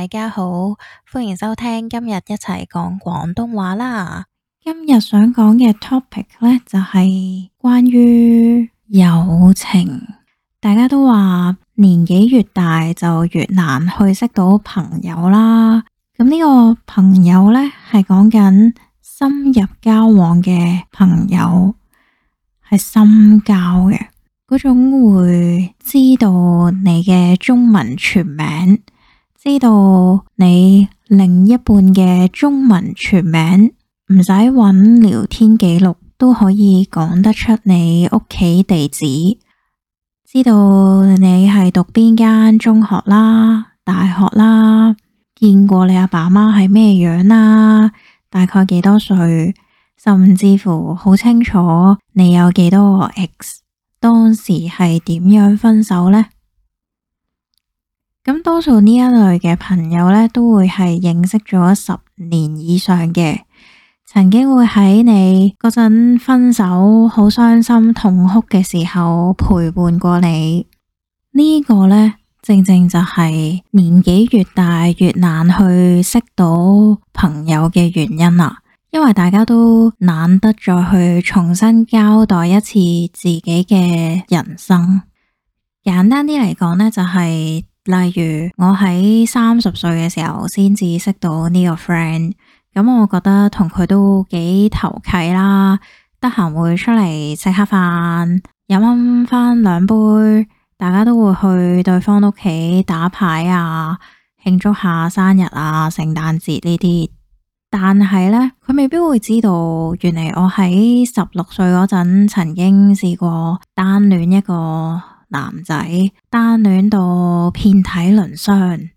大家好，歡迎收聽今日一齊講廣東話啦。今日想講嘅 topic 呢，就係關於友情。大家都話年紀越大就越難去識到朋友啦。咁呢個朋友呢，係講緊深入交往嘅朋友，係深交嘅嗰種，會知道你嘅中文全名。知道你另一半嘅中文全名，唔使揾聊天記錄都可以講得出你屋企地址。知道你係讀邊間中學啦、大學啦，見過你阿爸媽係咩樣啦，大概幾多歲，甚至乎好清楚你有幾多個 x，當時係點樣分手咧？咁多數呢一類嘅朋友呢，都會係認識咗十年以上嘅，曾經會喺你嗰陣分手好傷心痛哭嘅時候陪伴過你。呢個呢，正正就係年紀越大越難去識到朋友嘅原因啦。因為大家都懶得再去重新交代一次自己嘅人生。簡單啲嚟講呢，就係。例如我喺三十歲嘅時候先至識到呢個 friend，咁我覺得同佢都幾投契啦，得閒會出嚟食下飯，飲翻翻兩杯，大家都會去對方屋企打牌啊，慶祝下生日啊、聖誕節呢啲。但係呢，佢未必會知道，原來我喺十六歲嗰陣曾經試過單戀一個。男仔單戀到遍體鱗傷，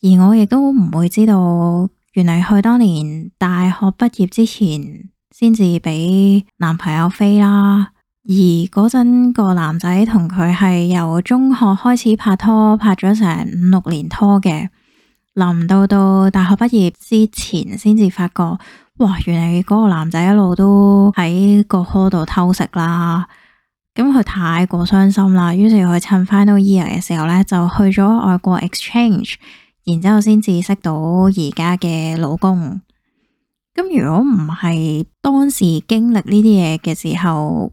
而我亦都唔會知道，原來佢當年大學畢業之前先至俾男朋友飛啦。而嗰陣個男仔同佢係由中學開始拍拖，拍咗成五六年拖嘅，臨到到大學畢業之前先至發覺，哇！原來嗰個男仔一路都喺個科度偷食啦。咁佢太過傷心啦，於是佢趁 Final Year 嘅時候咧，就去咗外國 Exchange，然之後先至識到而家嘅老公。咁如果唔係當時經歷呢啲嘢嘅時候，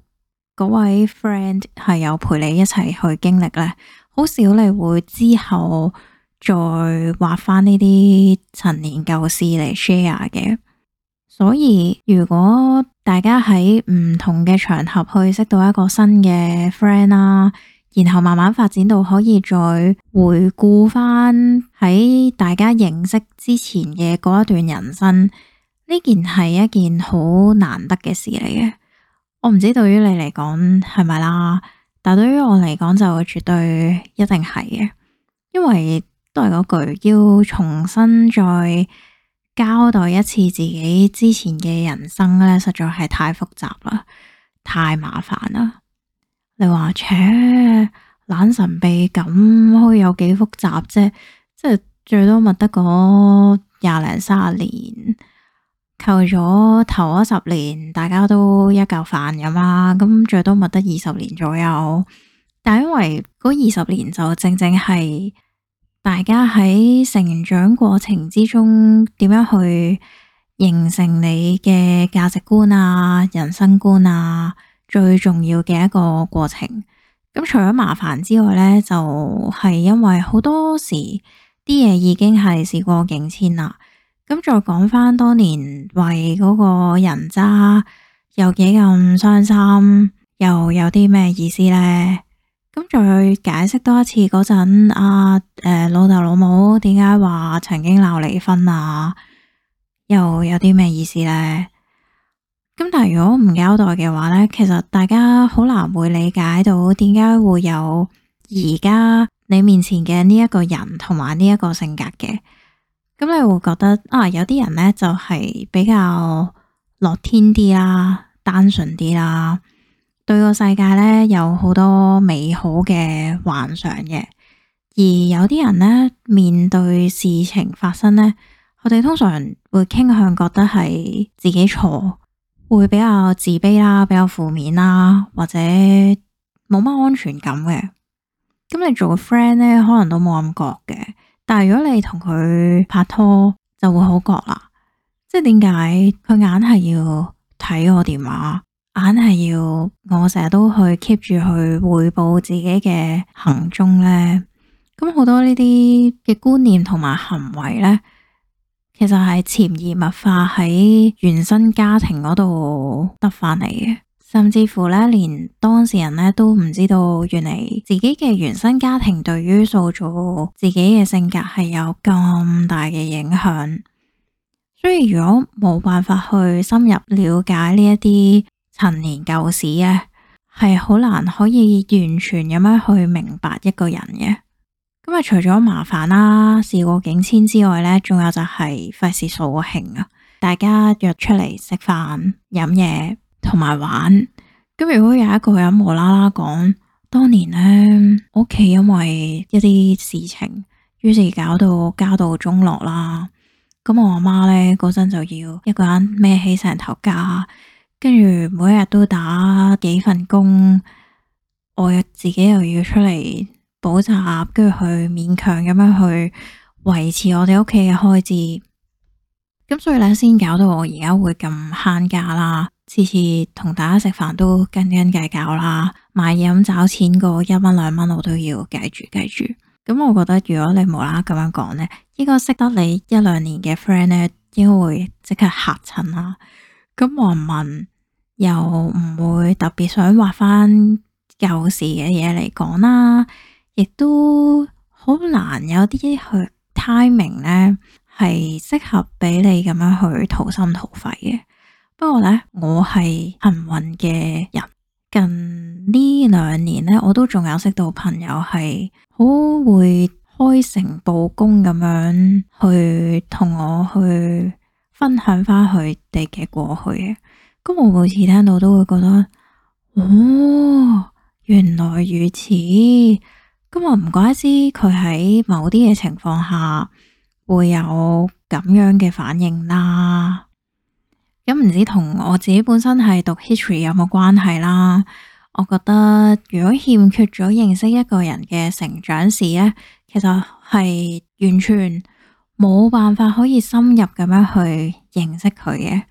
嗰位 friend 係有陪你一齊去經歷咧，好少你會之後再畫翻呢啲陳年舊事嚟 share 嘅。所以如果，大家喺唔同嘅場合去識到一個新嘅 friend 啦，然後慢慢發展到可以再回顧翻喺大家認識之前嘅嗰一段人生，呢件係一件好難得嘅事嚟嘅。我唔知對於你嚟講係咪啦，但係對於我嚟講就絕對一定係嘅，因為都係嗰句要重新再。交代一次自己之前嘅人生咧，實在係太複雜啦，太麻煩啦。你話扯，懶神秘咁，可以有幾複雜啫？即係最多咪得嗰廿零三十年，扣咗頭嗰十年，大家都一嚿飯咁啦。咁最多咪得二十年左右，但係因為嗰二十年就正正係。大家喺成長過程之中，點樣去形成你嘅價值觀啊、人生觀啊，最重要嘅一個過程。咁除咗麻煩之外呢，就係、是、因為好多時啲嘢已經係事過境遷啦。咁再講返當年為嗰個人渣又幾咁傷心，又有啲咩意思呢？咁再解釋多一次嗰陣，阿誒、啊呃、老豆老母點解話曾經鬧離婚啊？又有啲咩意思咧？咁但係如果唔交代嘅話咧，其實大家好難會理解到點解會有而家你面前嘅呢一個人同埋呢一個性格嘅。咁你會覺得啊，有啲人咧就係比較樂天啲啦，單純啲啦。對個世界咧有好多美好嘅幻想嘅，而有啲人咧面對事情發生咧，我哋通常會傾向覺得係自己錯，會比較自卑啦，比較負面啦，或者冇乜安全感嘅。咁你做個 friend 咧，可能都冇咁覺嘅，但係如果你同佢拍拖，就會好覺啦。即係點解佢硬係要睇我電話？反係要我成日都去 keep 住去匯報自己嘅行蹤呢？咁好多呢啲嘅觀念同埋行為呢，其實係潛移默化喺原生家庭嗰度得返嚟嘅，甚至乎呢，連當事人呢都唔知道，原嚟自己嘅原生家庭對於塑造自己嘅性格係有咁大嘅影響。所以如果冇辦法去深入了解呢一啲，陳年舊事咧係好難可以完全咁樣去明白一個人嘅，咁啊除咗麻煩啦、事過境遷之外咧，仲有就係費事掃興啊！大家約出嚟食飯、飲嘢同埋玩，咁如果有一個人無啦啦講當年咧，屋企因為一啲事情，於是搞到家道中落啦，咁我阿媽咧嗰陣就要一個人孭起成頭家。跟住每一日都打幾份工，我又自己又要出嚟補習，跟住去勉強咁樣去維持我哋屋企嘅開支。咁、嗯、所以咧，先搞到我而家會咁慳家啦，次次同大家食飯都斤斤計較啦，買嘢咁找錢嗰一蚊兩蚊，我都要計住計住。咁、嗯、我覺得如果你無啦啦咁樣講咧，應該識得你一兩年嘅 friend 呢，應該會即刻吓親啦。咁我問又唔會特別想話返舊事嘅嘢嚟講啦，亦都好難有啲去 timing 咧係適合俾你咁樣去掏心掏肺嘅。不過咧，我係幸運嘅人，近呢兩年咧，我都仲有識到朋友係好會開誠布公咁樣去同我去。分享翻佢哋嘅過去，咁我每次聽到都會覺得哦，原來如此。咁我唔怪之佢喺某啲嘅情況下會有咁樣嘅反應啦。咁唔知同我自己本身係讀 history 有冇關係啦？我覺得如果欠缺咗認識一個人嘅成長史咧，其實係完全。冇辦法可以深入咁樣去認識佢嘅，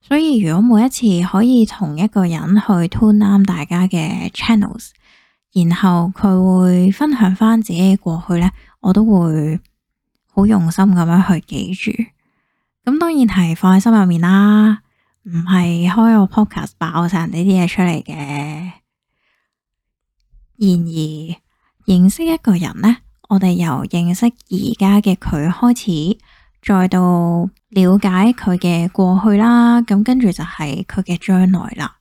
所以如果每一次可以同一個人去 tune 啱大家嘅 channels，然後佢會分享翻自己嘅過去呢，我都會好用心咁樣去記住。咁當然係放喺心入面啦，唔係開個 podcast 爆晒人哋啲嘢出嚟嘅。然而認識一個人呢。我哋由認識而家嘅佢開始，再到了解佢嘅過去啦，咁跟住就係佢嘅將來啦。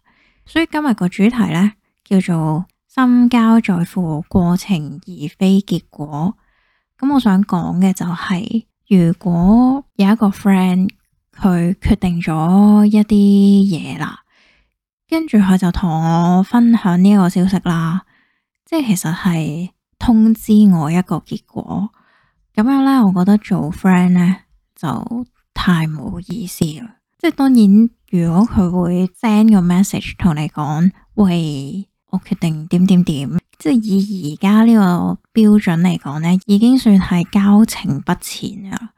所以今日個主題呢，叫做深交在乎過程而非結果。咁我想講嘅就係，如果有一個 friend 佢決定咗一啲嘢啦，跟住佢就同我分享呢個消息啦，即係其實係。通知我一個結果，咁樣咧，我覺得做 friend 咧就太冇意思啦。即係當然，如果佢會 send 個 message 同你講，喂，我決定點點點，即係以而家呢個標準嚟講咧，已經算係交情不淺啊。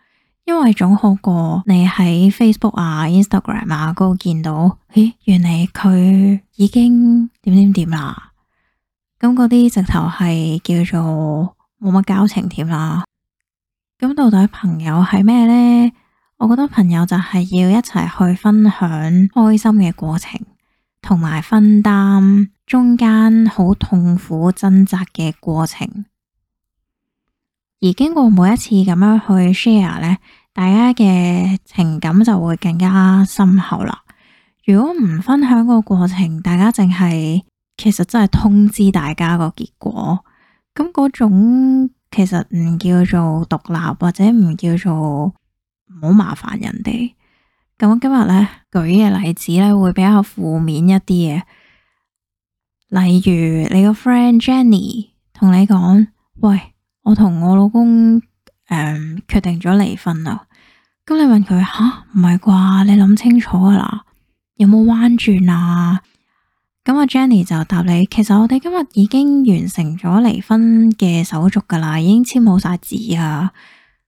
因為總好過你喺 Facebook 啊、Instagram 啊嗰度見到，咦，原嚟佢已經點點點啦。咁嗰啲直頭係叫做冇乜交情添啦。咁到底朋友係咩呢？我覺得朋友就係要一齊去分享開心嘅過程，同埋分擔中間好痛苦掙扎嘅過程。而經過每一次咁樣去 share 呢，大家嘅情感就會更加深厚啦。如果唔分享個過,過程，大家淨係。其實真係通知大家個結果，咁嗰種其實唔叫做獨立，或者唔叫做唔好麻煩人哋。咁今日咧舉嘅例子咧會比較負面一啲嘅，例如你個 friend Jenny 同你講：喂，我同我老公誒、嗯、決定咗離婚啦。咁你問佢：吓？唔係啩？你諗清楚噶啦，有冇彎轉啊？咁阿 Jenny 就答你，其實我哋今日已經完成咗離婚嘅手續噶啦，已經簽好晒字啊。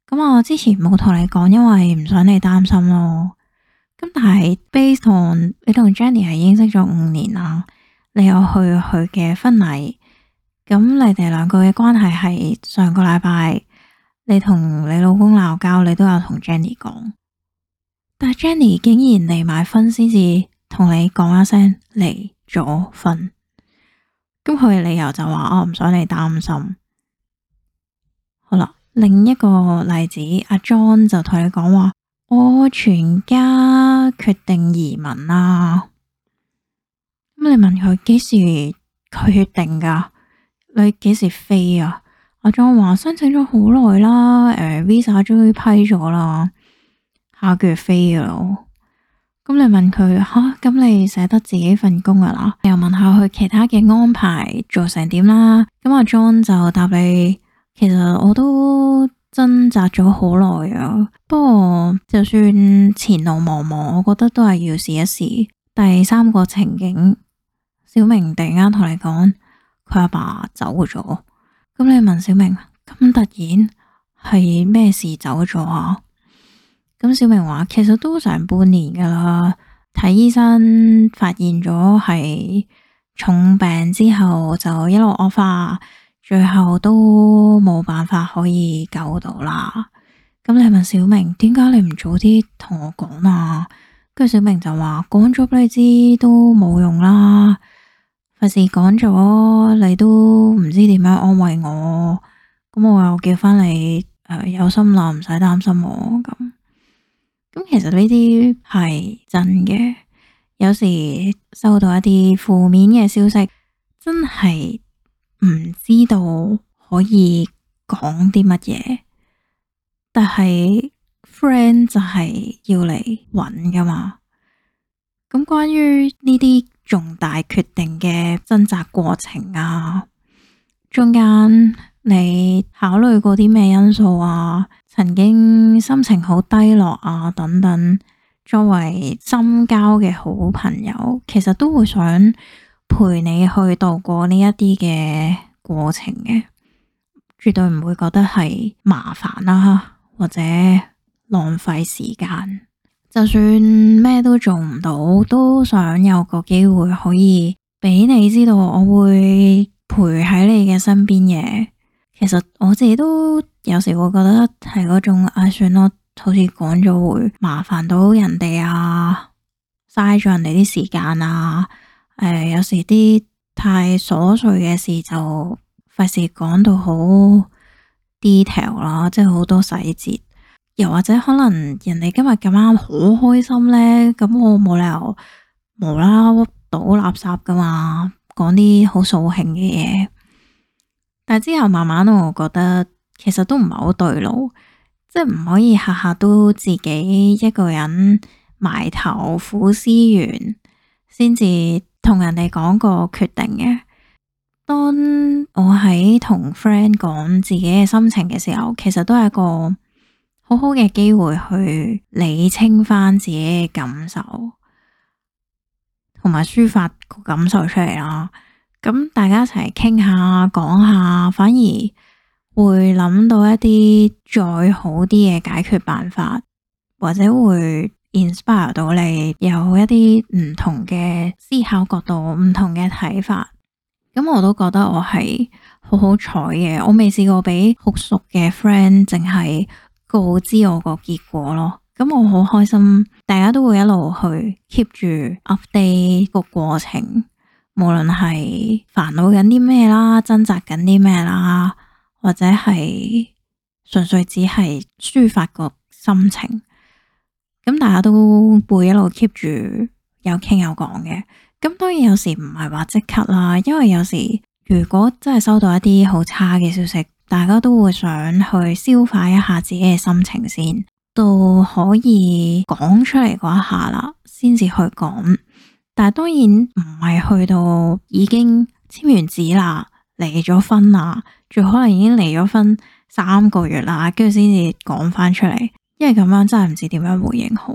咁我之前冇同你講，因為唔想你擔心咯。咁但係 Based on 你同 Jenny 係已經認識咗五年啦，你有去佢嘅婚禮，咁你哋兩個嘅關係係上個禮拜你同你老公鬧交，你都有同 Jenny 講，但 Jenny 竟然離埋婚先至同你講一聲「嚟」。咗瞓，咁佢嘅理由就話，我唔想你擔心。好啦，另一個例子，阿 John 就同你講話，我全家決定移民啦。咁你問佢幾時佢決定噶？你幾時飛啊？阿 John 話申請咗好耐啦，誒、呃，visa 終於批咗啦，下個月飛咯。咁你問佢吓，咁、啊、你捨得自己份工㗎喇？又問下佢其他嘅安排做成點啦？咁阿 John 就答你，其實我都掙扎咗好耐啊，不過就算前路茫茫，我覺得都係要試一試。第三個情景，小明突然間同你講佢阿爸走咗，咁你問小明，咁突然係咩事走咗啊？咁小明話，其實都成半年噶啦，睇醫生發現咗係重病之後，就一路惡化，最後都冇辦法可以救到啦。咁你問小明，點解你唔早啲同我講啊？跟住小明就話，講咗俾你知都冇用啦，費事講咗你都唔知點樣安慰我。咁我又叫返你誒、呃，有心啦，唔使擔心我咁其實呢啲係真嘅，有時收到一啲負面嘅消息，真係唔知道可以講啲乜嘢。但係 friend 就係要嚟揾㗎嘛。咁關於呢啲重大決定嘅掙扎過程啊，中間你考慮過啲咩因素啊？曾經心情好低落啊，等等。作為深交嘅好朋友，其實都會想陪你去度過呢一啲嘅過程嘅，絕對唔會覺得係麻煩啦，啊，或者浪費時間。就算咩都做唔到，都想有個機會可以俾你知道，我會陪喺你嘅身邊嘅。其實我自己都有時會覺得係嗰種，唉，算咯，好似講咗會麻煩到人哋啊，嘥咗人哋啲時間啊，誒，有時啲太瑣碎嘅事就費事講到好 detail 啦，即係好多細節，又或者可能人哋今日咁啱好開心咧，咁我冇理由無啦啦倒垃圾㗎嘛，講啲好掃興嘅嘢。但之後慢慢，我覺得其實都唔係好對路，即係唔可以下下都自己一個人埋頭苦思完，先至同人哋講個決定嘅。當我喺同 friend 講自己嘅心情嘅時候，其實都係一個好好嘅機會去理清翻自己嘅感受，同埋抒發個感受出嚟咯。咁大家一齊傾下講下，反而會諗到一啲再好啲嘅解決辦法，或者會 inspire 到你有一啲唔同嘅思考角度、唔同嘅睇法。咁我都覺得我係好好彩嘅，我未試過俾好熟嘅 friend 淨係告知我個結果咯。咁我好開心，大家都會一路去 keep 住 update 個過程。無論係煩惱緊啲咩啦，掙扎緊啲咩啦，或者係純粹只係抒發個心情，咁大家都會一路 keep 住有傾有講嘅。咁當然有時唔係話即刻啦，因為有時如果真係收到一啲好差嘅消息，大家都會想去消化一下自己嘅心情先，到可以講出嚟嗰一下啦，先至去講。但係當然唔係去到已經簽完紙啦，離咗婚啦，最可能已經離咗婚三個月啦，跟住先至講翻出嚟，因為咁樣真係唔知點樣回應好。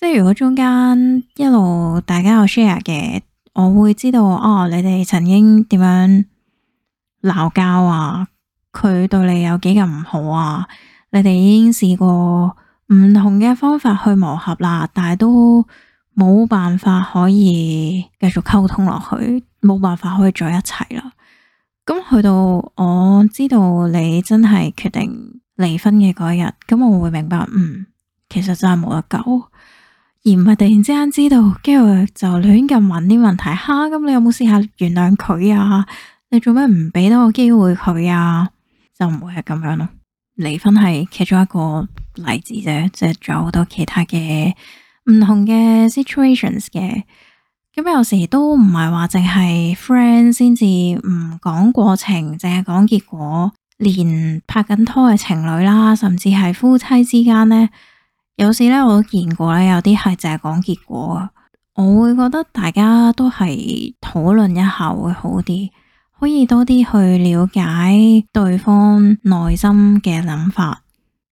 即係如果中間一路大家有 share 嘅，我會知道哦，你哋曾經點樣鬧交啊，佢對你有幾咁唔好啊，你哋已經試過唔同嘅方法去磨合啦，但係都，冇辦法可以繼續溝通落去，冇辦法可以再一齊啦。咁去到我知道你真係決定離婚嘅嗰日，咁我會明白，嗯，其實真係冇得救，而唔係突然之間知道，跟住就亂咁問啲問題。哈，咁你有冇試下原諒佢啊？你做咩唔俾多個機會佢啊？就唔會係咁樣咯。離婚係其中一個例子啫，即係仲有好多其他嘅。唔同嘅 situations 嘅，咁有時都唔係話淨係 friend 先至唔講過程，淨係講結果。連拍緊拖嘅情侶啦，甚至係夫妻之間呢，有時咧我都見過咧，有啲係淨係講結果。我會覺得大家都係討論一下會好啲，可以多啲去了解對方內心嘅諗法，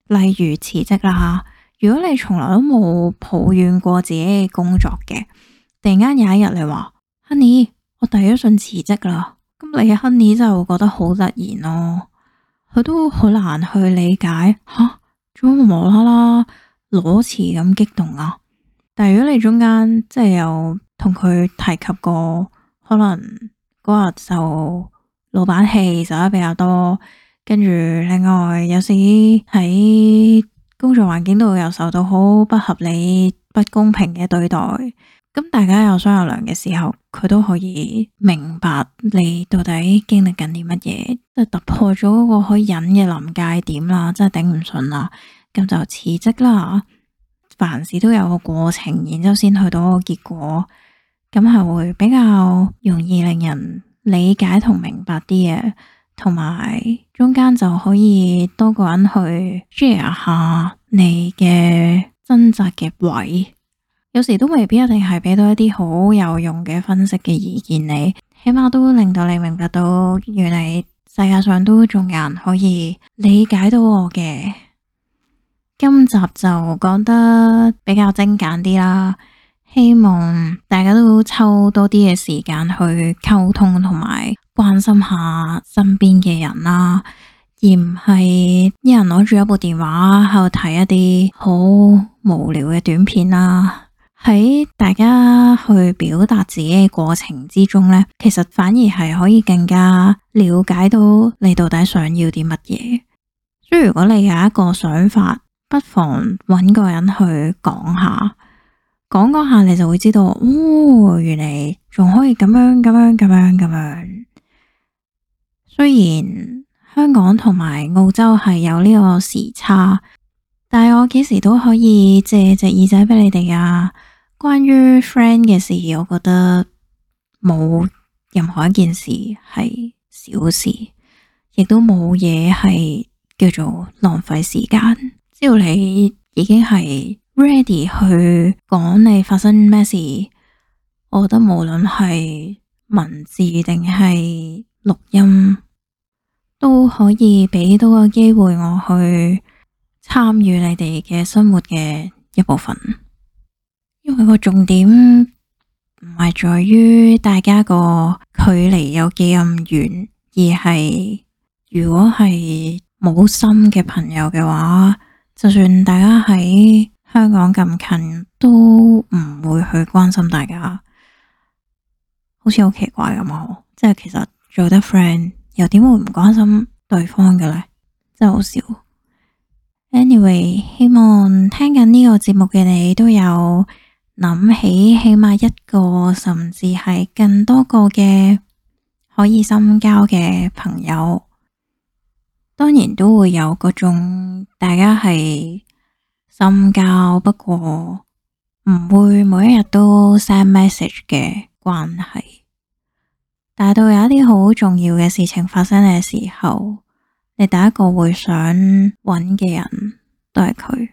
例如辭職啦。如果你從來都冇抱怨過自己嘅工作嘅，突然間有一日你話，Honey，我遞咗信辭職啦，咁你嘅 Honey 就會覺得好突然咯，佢都好難去理解，吓，做乜冇啦啦攞辭咁激動啊？但係如果你中間即係有同佢提及過，可能嗰日就老闆氣就得比較多，跟住另外有時喺工作環境度又受到好不合理、不公平嘅對待，咁大家有商有量嘅時候，佢都可以明白你到底經歷緊啲乜嘢，即係突破咗嗰個可以忍嘅臨界點啦，真係頂唔順啦，咁就辭職啦。凡事都有個過程，然之後先去到個結果，咁係會比較容易令人理解同明白啲嘢。同埋中間就可以多個人去 share 下你嘅掙扎嘅位，有時都未必一定係俾到一啲好有用嘅分析嘅意見你。你起碼都令到你明白到原嚟世界上都仲有人可以理解到我嘅。今集就講得比較精簡啲啦。希望大家都抽多啲嘅時間去溝通同埋關心下身邊嘅人啦，而唔係一人攞住一部電話喺度睇一啲好無聊嘅短片啦。喺大家去表達自己嘅過程之中呢，其實反而係可以更加了解到你到底想要啲乜嘢。所以如果你有一個想法，不妨揾個人去講下。講嗰下你就會知道，哦，原來仲可以咁樣咁樣咁樣咁樣。雖然香港同埋澳洲係有呢個時差，但係我幾時都可以借隻耳仔畀你哋啊。關於 friend 嘅事，我覺得冇任何一件事係小事，亦都冇嘢係叫做浪費時間。只要你已經係。ready 去講你發生咩事，我覺得無論係文字定係錄音，都可以俾到個機會我去參與你哋嘅生活嘅一部分。因為個重點唔係在於大家個距離有幾咁遠，而係如果係冇心嘅朋友嘅話，就算大家喺。香港咁近都唔會去關心大家，好似好奇怪咁哦！即係其實做得 friend 又點會唔關心對方嘅呢？真係好少。Anyway，希望聽緊呢個節目嘅你都有諗起起碼一個甚至係更多個嘅可以深交嘅朋友，當然都會有嗰種大家係。深交，不過唔會每一日都 send message 嘅關係，但係到有一啲好重要嘅事情發生嘅時候，你第一個會想揾嘅人都係佢。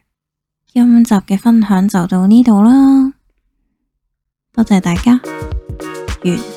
今集嘅分享就到呢度啦，多謝大家。完。